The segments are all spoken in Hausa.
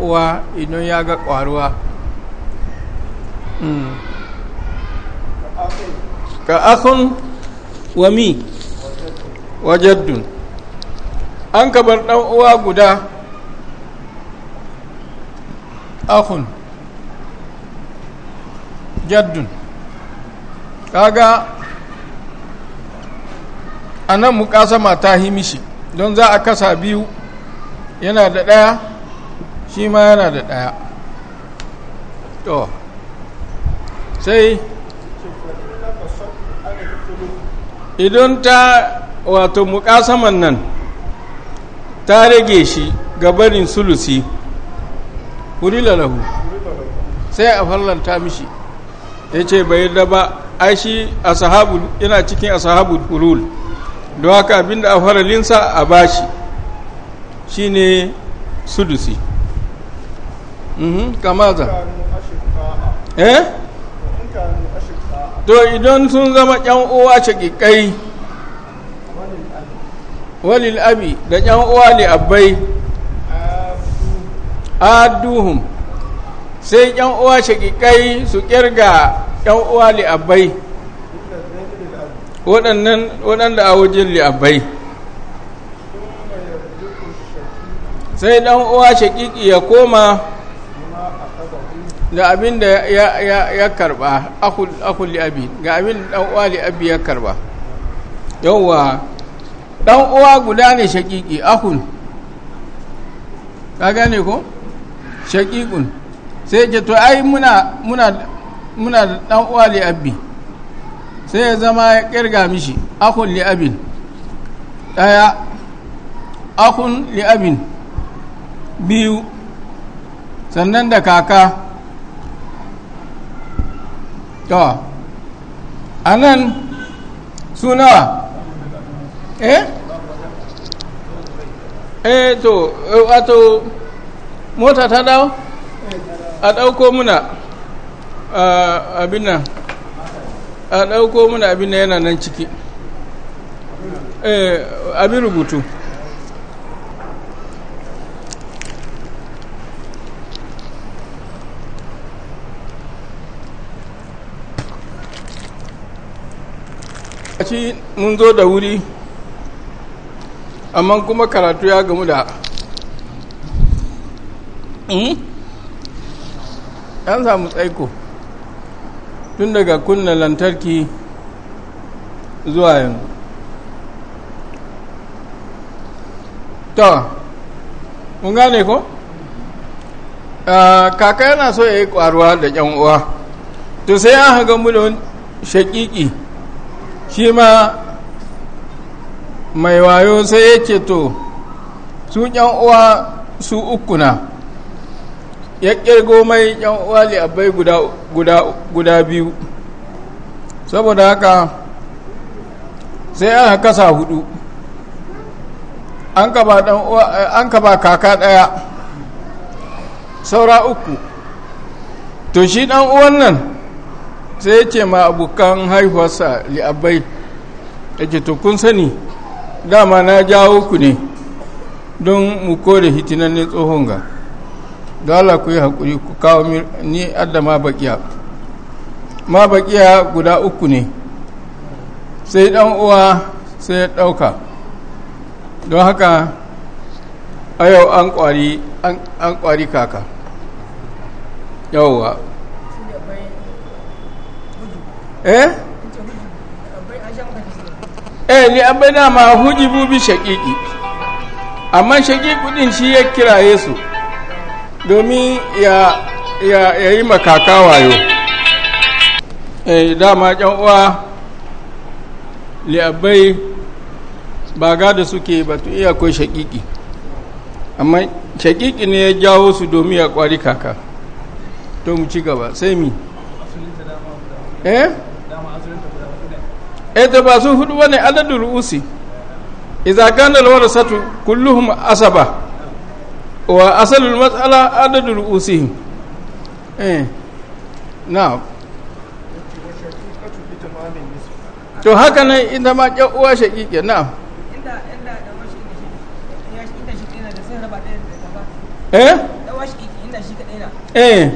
uwa idan ya ga kwaruwa hmm. ka akun wami wajaddun an kabar dan uwa guda akun jaddun kaga a nan mata ta himishi don za a kasa biyu yana da ɗaya shi ma yana da ɗaya to sai idan ta wato mukasaman nan ta rage shi gabarin sulusi wuri lahu sai a fallanta mishi ya ce bai da ba ai shi sahabu yana cikin asahabu hulul don haka abinda a faralinsa a bashi shine sudusi kamaza mm-hmm. eh to idan sun zama yan uwa shakikai walil abi da yan uwa li abai aduhum sai yan uwa shakikai su kirga yan uwa li abai waɗanda a wajen li abai sai dan uwa shakiki ya koma ga abin da ya karba akul abi ga abin da uwa li abi ya karba yawwa dan uwa guda ne shakiki akun ka gane ko shakikun sai ke to ai muna muna muna dan uwa li abi sai ya zama ya kirga mishi akun li abin daya akun li abin biyu sannan da kaka to a nan su nawa eh eh to eh, wato mota ta dawo a ɗauko muna abin nan a ɗauko muna abin nan yana nan ciki eh abin rubutu yawanci mun zo da wuri amma kuma karatu ya gamu da ɗan hmm? samu tsaiko tun daga kunna lantarki zuwa yanzu to mun gane ko ah, kaka yana so ya yi kwaruwa da ƙyanuwa uwa to sai an haga mu da shakiki shi ma mai wayo sai ya ce to su uwa su uku na ya kirgo mai uwa abai guda biyu saboda haka sai ana kasa hudu an ka ba kaka ɗaya saura uku to shi ɗan uwan nan sai ya ce ma abokan haihuwarsa li'abbai ya ce to kun sani dama na jawo ku ne don mu kore ne tsohon ga dala ku yi haƙuri ku kawo ni adda ma baƙiya ma baƙiya guda uku ne sai ɗan uwa sai ya ɗauka don haka a yau an ƙwari kaka yauwa eh eh li bai dama hujibu bi shaƙiƙi amma shaƙiƙi din shi ya kiraye su domin ya ya yi makaka wayo eh dama yan uwa li abai ba gada suke ba iya kai shaƙiƙi amma shaƙiƙi ne ya jawo su domin ya kwari kaka to mu ci gaba sai mi eh ita ba su hudu bane adadin ru'usi idza kana alwarasatu kulluhum asaba wa asalul mas'ala adadin ru'usihim eh na'am to haka nan inda ma ƙyan uwa shaƙiƙe na eh eh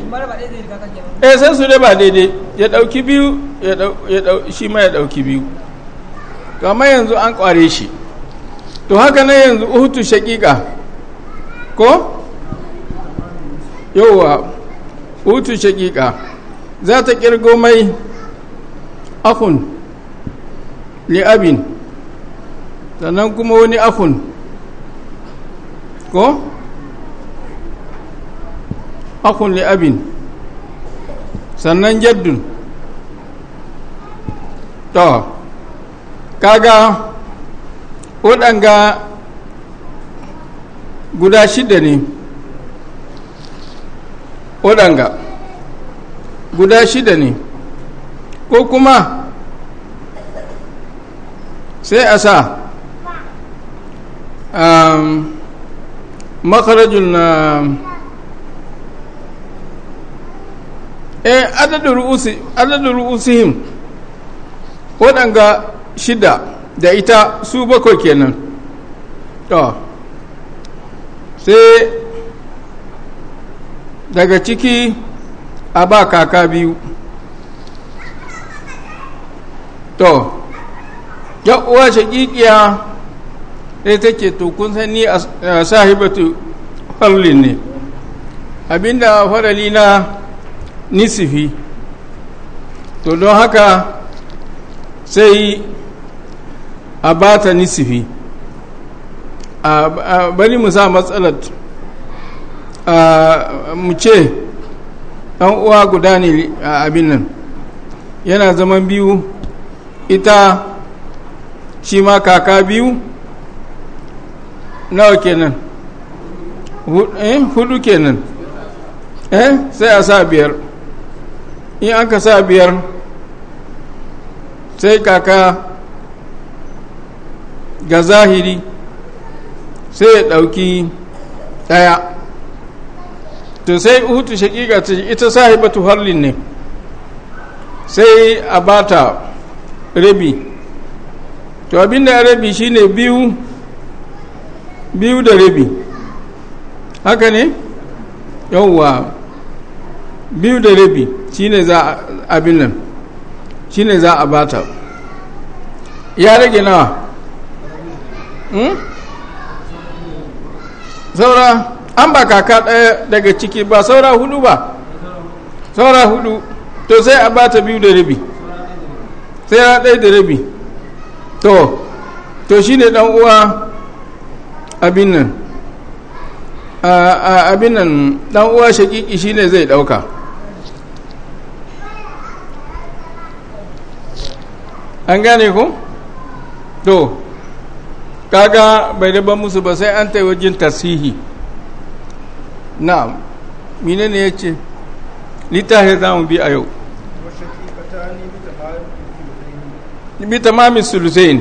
eh sai su ba daidai ya ɗauki biyu shi ma ya ɗauki biyu kamar yanzu an kware shi to haka na yanzu uhutu shakika ko yauwa uhutu shakika za ta kirgo mai akun li'abin sannan kuma wani akun ko akun li abin sannan jaddun to kaga waɗanga guda shida ne waɗanga guda shida ne ko kuma sai a sa um, makarajin na eh adadin ru'usi adadin ru'usihim waɗanga shida da ita su bakwai kenan to sai daga ciki a ba kaka biyu to ya uwa shaƙiƙiya sai take to kun sani a sahibatu farlin ne abinda farali na nisifi to don haka sai a ba ta nisifi a bari mu sa matsalar mu ce uwa guda ne a abin nan yana zaman biyu ita shi ma kaka biyu nawa kenan hudu eh, kenan eh sai a sa biyar in aka sa biyar sai kaka ga zahiri sai ya ɗauki ɗaya to sai hutu shaƙiƙa ce ita sahibatu harlin ne sai a bata rabi to abinda ya rabi shine biyu biyu da rabi haka ne yauwa biyu da rabi shine za abin nan shine za a bata ya rage nawa hmm? saura an ba kaka daya daga ciki ba saura hudu ba saura hudu to sai a bata biyu da rabi sai ya daya da rabi to to shine dan uwa abin nan abin nan dan uwa shakiki shine zai ɗauka an gane ku to kaga bai ban musu ba sai an yi wajen tasihi na mine ne ya ce littafi za mu bi a yau bi tamami sulusain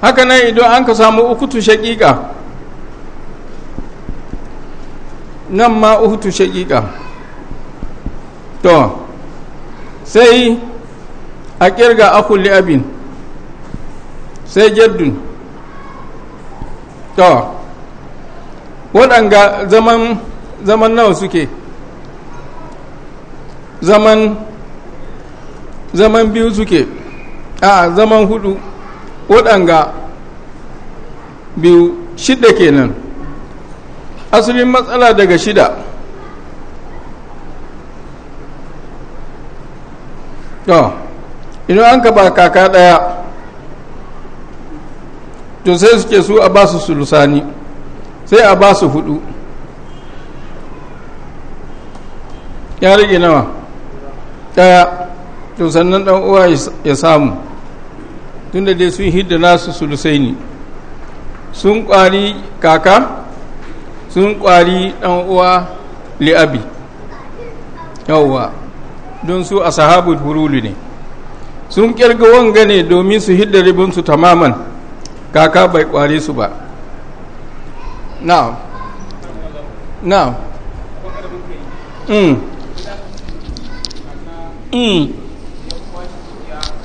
haka nan idan an ka samu ukutu shaƙiƙa nan ma ukutu shaƙiƙa to sai a kirga akun abin sai jaddun to waɗanga zaman zaman nawa suke zaman zaman biyu suke a zaman hudu waɗanga biyu shida kenan asalin matsala daga shida to idan an ka ba kaka daya to sai suke su a ba su sulusani sai a basu su hudu ya rage nawa ɗaya to sannan ɗan uwa ya samu tunda dai sun hidda nasu sulusai ne sun ƙwari kaka sun ƙwari ɗan uwa li'abi yawwa don su a sahabu hurulu ne sun kirga wanga ne domin su hidda ribinsu tamaman kaka bai kware su ba now now mm.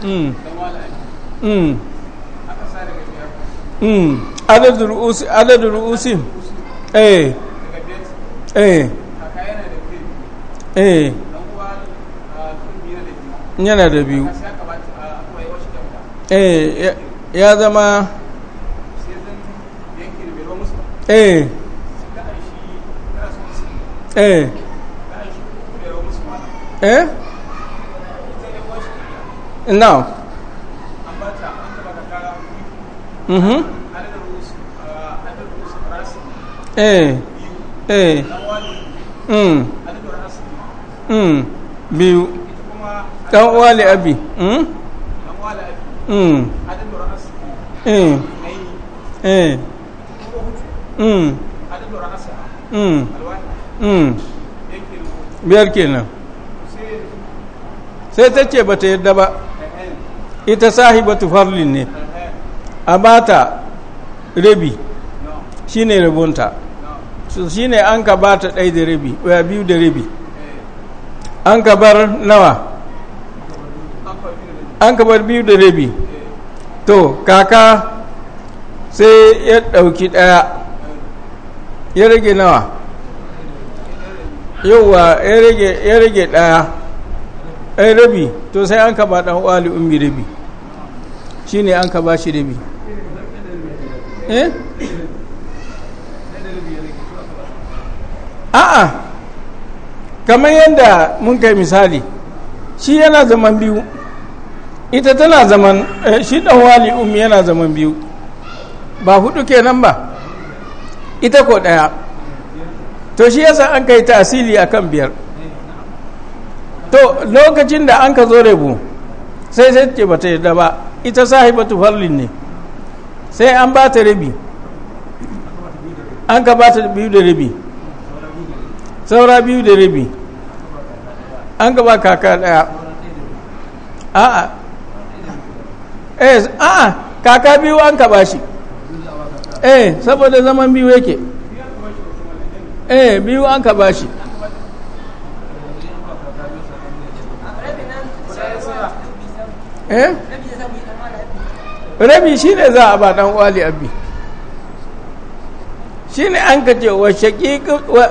mm. mm. adadin ru'usi adadin ru'usi eh. eh eh yana da biyu eh ya zama eh eh eh now mhm eh eh mm mm biyu ɗan wale abi mm biyar kenan sai ta ce ba ta yadda ba ita sahibatu farlin ne a bata rabi shi shine rabonta ne an ka bata ɗai da rabi biyu da rabi an ka bar nawa an kamar biyu da rabi to kaka sai ya ɗauki ɗaya ya rage nawa yauwa ya rage ɗaya ɗaya rabi to sai an kaba ɗan wali ummi rabi shi ne an ba shi rabi eh? a'a kamar yadda mun kai misali shi yana zaman biyu ita tana zaman eh, shi dan wali ummi yana zaman biyu ba hudu kenan ba ita ko daya to shi yasa an kai tasiri akan biyar to lokacin da an ka zo rebu sai sai ce bata yadda ba ita sahibatu farlin ne sai an ba ta rabi an ka ba ta biyu da rabi saura biyu da rabi an ka ba kaka daya a'a eh a'a kaka biyu an kaba shi eh saboda zaman biyu yake eh biyu an kaba shi eh? rabi shi ne za a ba dan wali abi shi ne an ka ce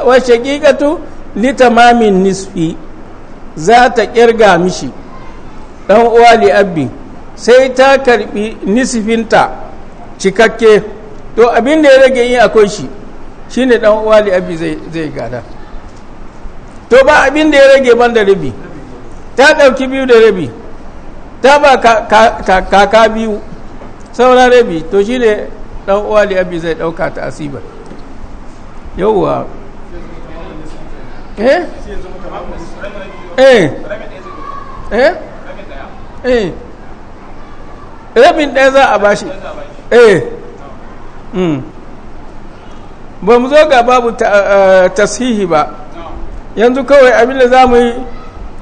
wa shaƙiƙatu litamamin nisfi za ta ƙirga mishi dan wali abi sai ta karbi nisifinta cikakke to abin da ya rage yi akwai shi shine dan uwa abi zai gada to ba abin da ya rage ban da rabi ta ɗauki biyu da rabi ta ba kaka biyu sauran rabi to shine dan uwa abi zai ɗauka ta asibar yauwa eh eh eh, eh. rabin ɗaya za a bashi eh hmm. ba mu zo ga babu eh, tasihi ba yanzu kawai abin da za mu yi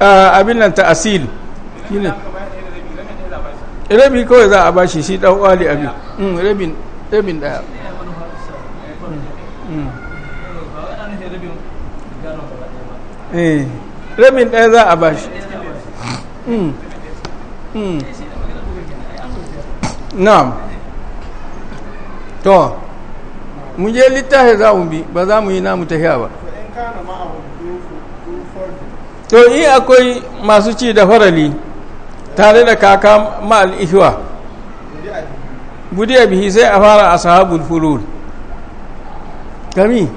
eh, abin nan ta asil rabi kawai za a bashi shi ɗan wali abin hmm, rabin ɗaya hmm. Eh. rabin ɗaya za a bashi na'am to mu je littafi za mu bi ba za mu yi namu tafiya ba to in akwai masu ci da farali tare da kaka ma'al ihwa budiya bihi sai a fara ashabul furul kami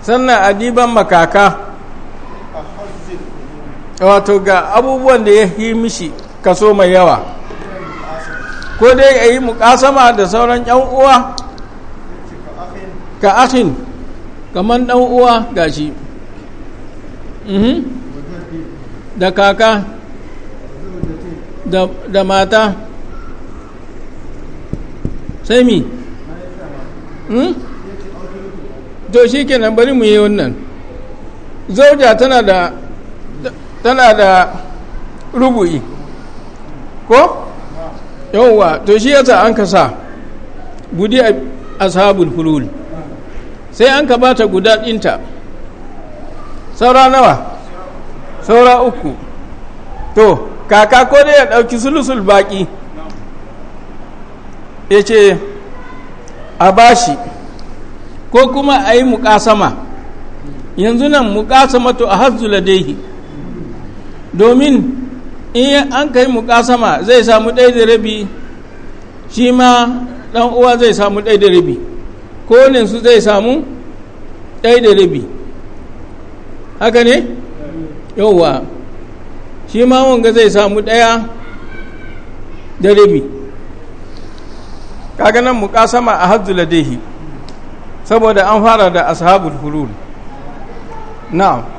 sannan adiban makaka wato ga abubuwan da ya yi mishi kaso mai yawa ko dai ya yi mukasama da sauran yan uwa ka ahin kamar dan uwa gashi mhm. da kaka da mata sai mi hmm? to shi kenan bari mu yi wannan zauja tana da tana da rubu'i ko? yawwa to shi yasa an ka sa gudi ashabul hulul sai an ka bata guda dinta saura nawa saura uku to kaka ko dai ya ɗauki sulusul baƙi ya ce a bashi ko kuma a yi muƙasama yanzu nan to a hazzula domin in an kai mukasama zai samu ɗaya da rabi shi ma ɗan uwa zai samu ɗaya da rabi su zai samu ɗaya da rabi haka ne yauwa shi ma wanga zai samu ɗaya da rabi kaga nan mukasama a hajjula dehi saboda an fara da ashabul hulul na'am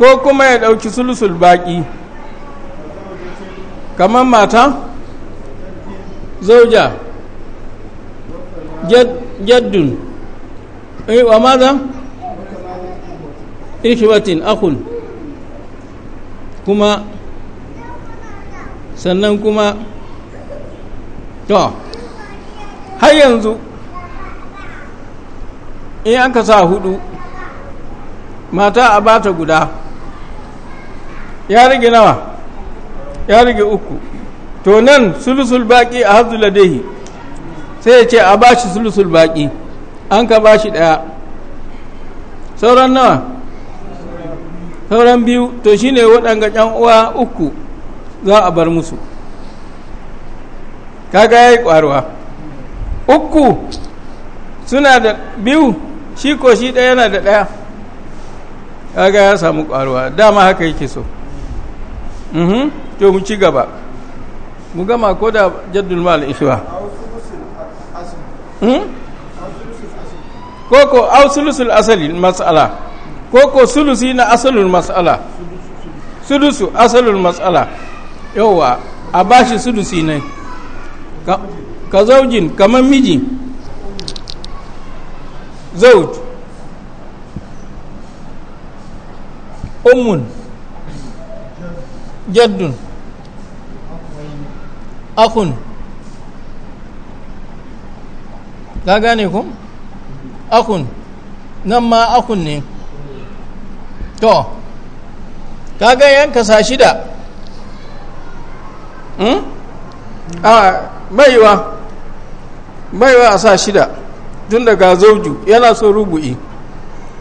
ko kuma ya ɗauki sulusul baƙi kamar mata zauja jaddun eh, wa maza ikhwatin akun kuma sannan kuma to har yanzu in aka sa hudu mata a bata guda ya rage nawa ya rage uku to nan sulusul baki a hazu ladehi sai ya ce a ba shi sulusul baki an ka ba shi daya sauran nawa sauran biyu to shine waɗanga ƴan uwa uku za a bar musu kaga yi ƙwaruwa uku suna da biyu shi ko shi ɗaya yana da ɗaya kaga ya samu ƙwaruwa dama haka yake so mhm to mu ci gaba mu gama ko da jaddul mal ikhwa hmm? ko ko aw sulusul asali mas'ala ko ko sulusi na asalul mas'ala sudusu asalul mas'ala yawa a bashi sudusi ne ka zaujin kamar miji zauj ummun jaddun akun ka gane ku akun nan ma akun ne to kaga yanka sa shida hmm? a baiwa baiwa a sa shida tun daga zauju yana son rubu'i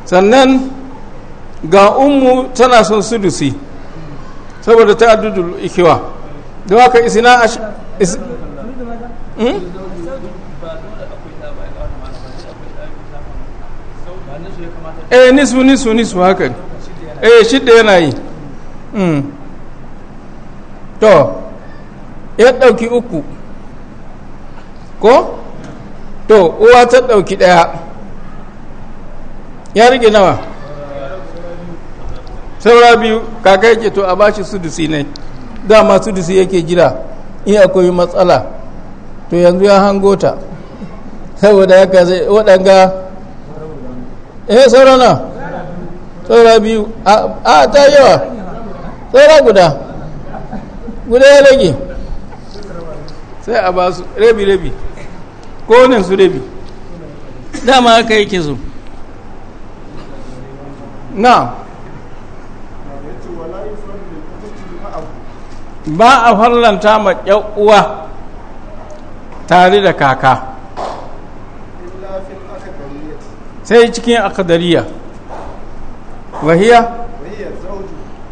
sannan ga ummu tana son sudusi saboda ta adudu ikiwa don haka isna ash hmm? eh nisu nisu nisu haka ne eh shidda yana yi hmm. to ya ɗauki uku ko to uwa ta ɗauki ɗaya ya rage nawa saura biyu kaka yake to a bashi sudusi ne dama sudusi yake jira in akwai matsala to yanzu ya hango ta saboda haka zai waɗanga eh saura na saura biyu a ta yawa saura guda guda ya rage sai a ba su rabi-rabi konin su rabi dama haka yake zo na ba a farlanta ma uwa tare da kaka sai cikin akadariya wahiya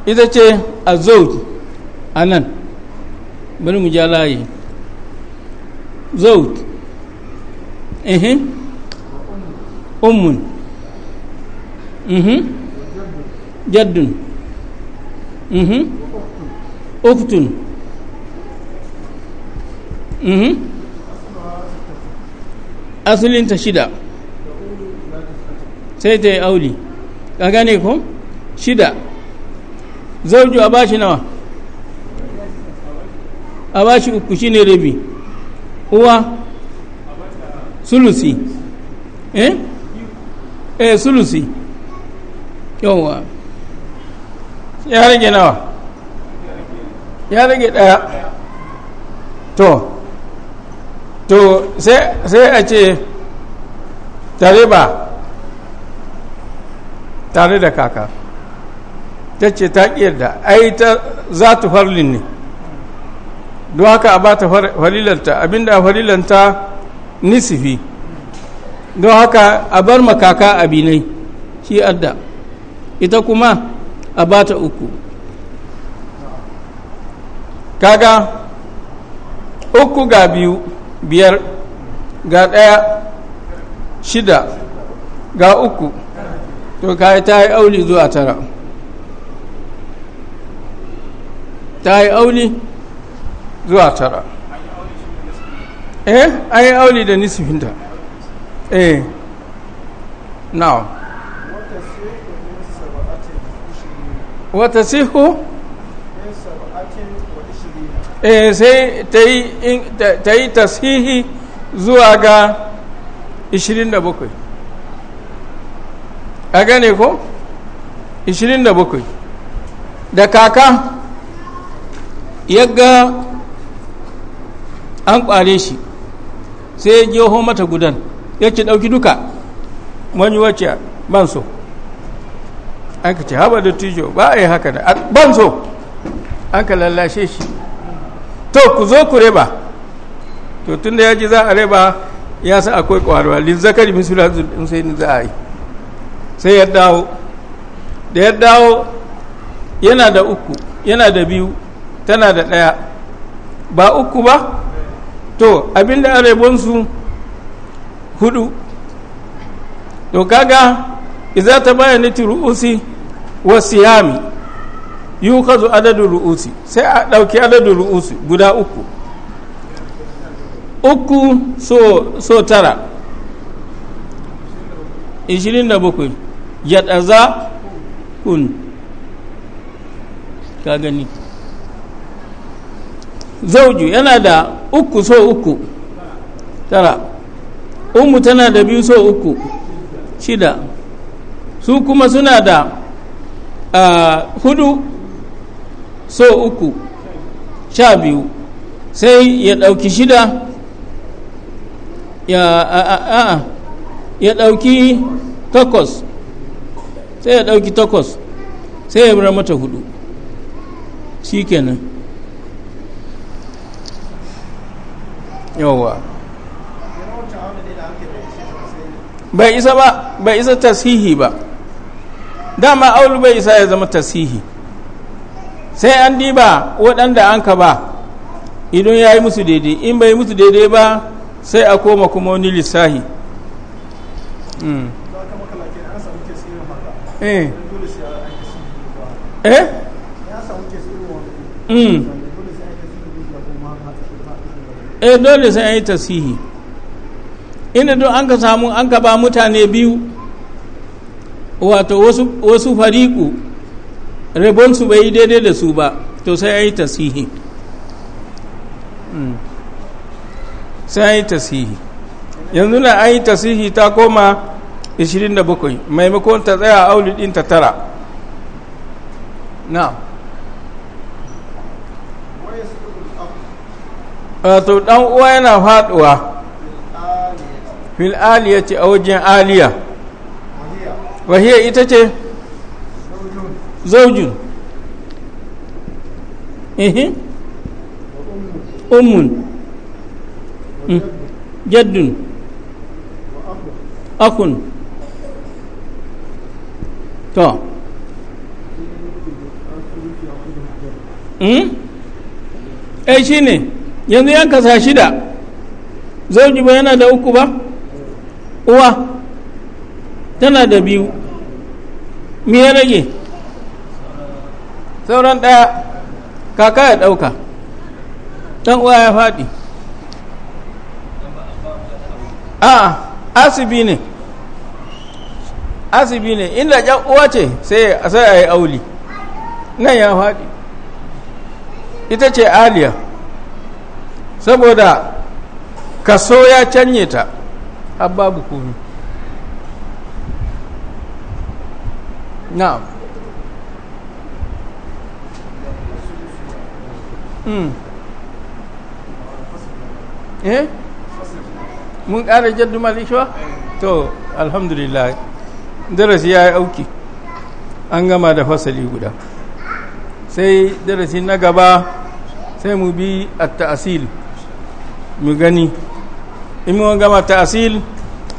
ita ce a zauji a nan bari mu ja layi zauji ihin ummun jaddun uktun mhm. asalinta shida sai ta yi auli ka gane ko shida zauju a bashi nawa a bashi uku shine rabi uwa sulusi eh eh sulusi yawwa ya rage nawa ya rage ɗaya to to sai a ce tare ba tare da kaka ta ce ta ƙiyarda ai ta za ta farlin ne don haka a ba ta farilanta abinda a farilanta nisifi don haka a bar makaka abinai shi adda ita kuma a ba ta uku kaga uku ga biyu biyar ga ɗaya shida ga uku to kayi ta yi auli zuwa tara ta yi auli zuwa tara eh an yi auli da nisifinta eh now wata siku eh sai ta yi tasihi zuwa ga 27 a gane ko 27 da kaka yagga an kware shi sai ya jeho mata gudan ya ce ɗauki duka wani wacce ban so an ka ce haba da tijo ba a yi haka da ban so an ka lallashe shi to ku zo ku reba to tun da ya ji za a reba ya sa akwai ƙwarwa lil zakari mislu za a yi sai ya dawo da ya dawo yana da uku yana da biyu tana da ɗaya ba uku ba to abinda a rebonsu hudu to kaga iza ta bayani turu'usi wa siyami yukazu adadin ru'usi sai a ɗauki adadin ru'usi guda uku uku so, so tara ishirin da bakwai ya ɗaza kun ka gani zauju yana da uku so uku tara umu tana da biyu so uku shida su kuma suna da uh, hudu so uku sha biyu sai ya ɗauki shida ya a a a a ya ɗauki takwas sai ya ɗauki takwas sai ya bar mata hudu shi kenan yawwa bai isa ba bai isa tasihi ba dama aulu bai isa ya zama tasihi sai an diba waɗanda an ka ba idan ya yi musu daidai in bai musu daidai ba sai a koma kuma wani lissahi hmm. Eh. Eh? Hmm. eh dole sai an yi tasihi inda don an ka samu an ka ba mutane biyu wato wasu fariku rabonsu bai yi daidai da su ba to sai ya yi tasihi hmm. sai ya yi tasihi yanzu na an yi tasihi ta koma 27 maimakon ta tsaya auli din ta tara na to dan uwa yana faduwa fil aliyati a wajen aliya wahiya ita ce zaujin ehe ummun jaddun akun to ai shi ne yanzu yan kasa shida zauji ba yana da uku ba uwa tana da biyu me ya rage sauran ɗaya kaka ya ɗauka ɗan uwa ya faɗi a asibi ne asibi ne inda ƴan uwa ce sai a yi auli nan ya faɗi ita ce aliya saboda kaso ya canye ta babu komi na'am Hmm. eh mun ƙara jaddu malishuwa to alhamdulillah darasi ya yi auki an gama da fasali guda sai darasi na gaba sai mu bi a ta'asil mu gani in mun gama ta'asil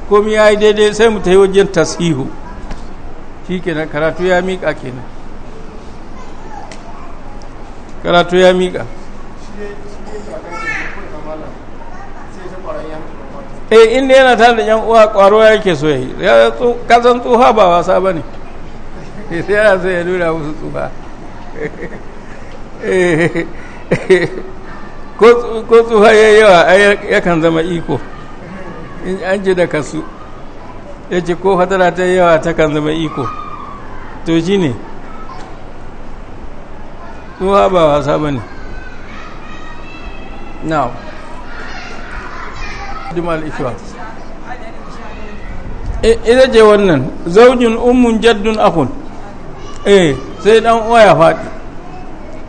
komi ya yi daidai sai mu ta yi wajen tasihu shi kenan karatu ya miƙa kenan karatu ya miƙa eh inda yana tare da yan uwa kwaro yake so yi kasan tsuha ba wasa ba ne eh, sai yana so ya nuna musu tsuha eh, ko tsuha ya yawa yakan zama iko in an ji da kasu ya ce ko hadara ta yawa ta kan zama iko to shi ne tsuha ba wasa ba ne now dimal ikiwa wannan zaujin ummun jaddun akun eh sai dan uwa ya faɗi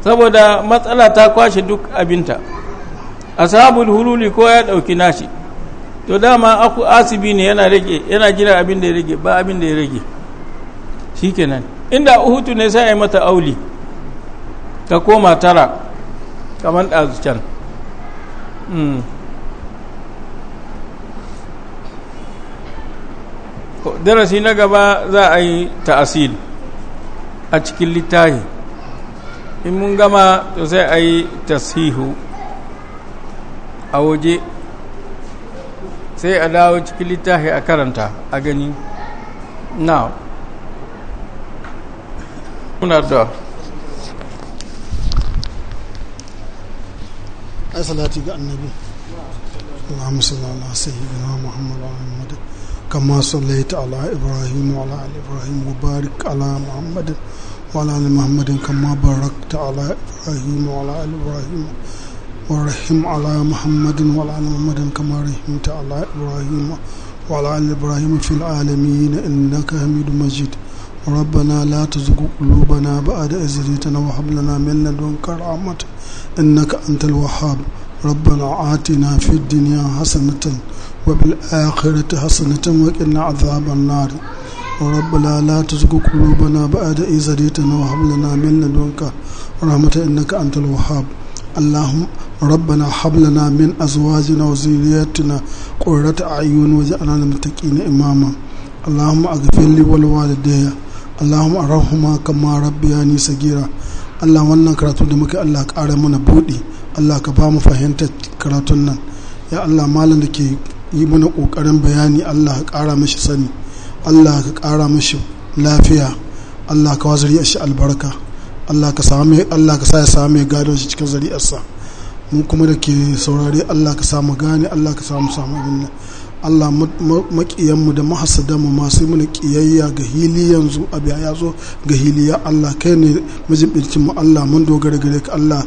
saboda matsala ta kwashe duk abinta asabul hululi ko ya ɗauki nashi to dama aku asibi ne yana rage yana jira abin da ya rage ba abin da ya rage shikenan inda uhutu ne sai a yi mata auli ta koma tara kamar ɗazu can darasi na gaba za a yi ta'asil a cikin littahi in mun gama to sai a yi tasihu a waje sai a dawo cikin littafi a karanta a gani now muna da salati ga annabi Allahumma salli ala sayyidina Muhammad wa ala ali kama sallaita ala Ibrahim wa ala ali Ibrahim wa barik ala Muhammad wa ala ali Muhammad kama barakta ala Ibrahim wa ala ali Ibrahim wa rahim ala Muhammad wa ala ali Muhammad kama rahimta ala Ibrahim wa ala ali Ibrahim fil alamin innaka Hamidum Majid ربنا لا تزغ قلوبنا بعد إذ هديتنا وهب لنا من لدنك رحمة إنك أنت الوهاب ربنا آتنا في الدنيا حسنة وبالآخرة حسنة وقنا عذاب النار ربنا لا تزغ قلوبنا بعد إذ هديتنا وهب لنا من لدنك رحمة إنك أنت الوهاب اللهم ربنا هب لنا من أزواجنا وذرياتنا قرة أعين واجعلنا للمتقين إماما اللهم اغفر لي ولوالدي Allahumma arhamhuma kama rabbiyani sagira Allah wannan karatu da muka Allah ƙara mana buɗe Allah ka ba mu fahimtar karatun nan ya Allah malam da ke yi mana ƙoƙarin bayani Allah ka ƙara mashi sani Allah ka ƙara mashi lafiya Allah ka wazari shi albarka Allah ka same Allah ka sa ya same gadon shi cikin zari'arsa mu kuma da ke saurare Allah ka samu gane Allah ka samu samu abin nan Allah maƙiyanmu da mahasadanmu masu muna ƙiyayya ga hili yanzu abu ya zo ga hili ya Allah kai ne majibincin mu Allah mun dogara gare ka Allah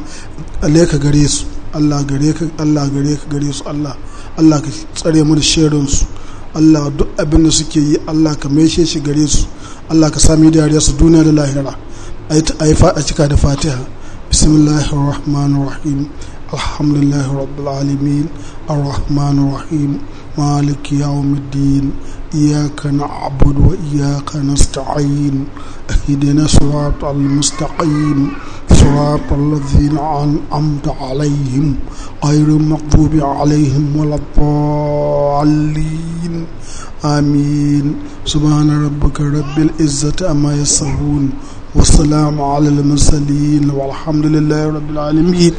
ale ka gare su Allah gare ka Allah gare ka gare su Allah Allah ka tsare mu da sharrin su Allah duk abin da suke yi Allah ka maishe shi gare su Allah ka sami dariya su duniya da lahira ayi fa a cika da Fatiha bismillahir rahmanir rahim alhamdulillahi rabbil alamin arrahmanir rahim مالك يوم الدين إياك نعبد وإياك نستعين اهدنا صراط المستقيم صراط الذين أنعمت عليهم غير المغضوب عليهم ولا الضالين آمين سبحان ربك رب العزة أما يصفون والسلام على المرسلين والحمد لله رب العالمين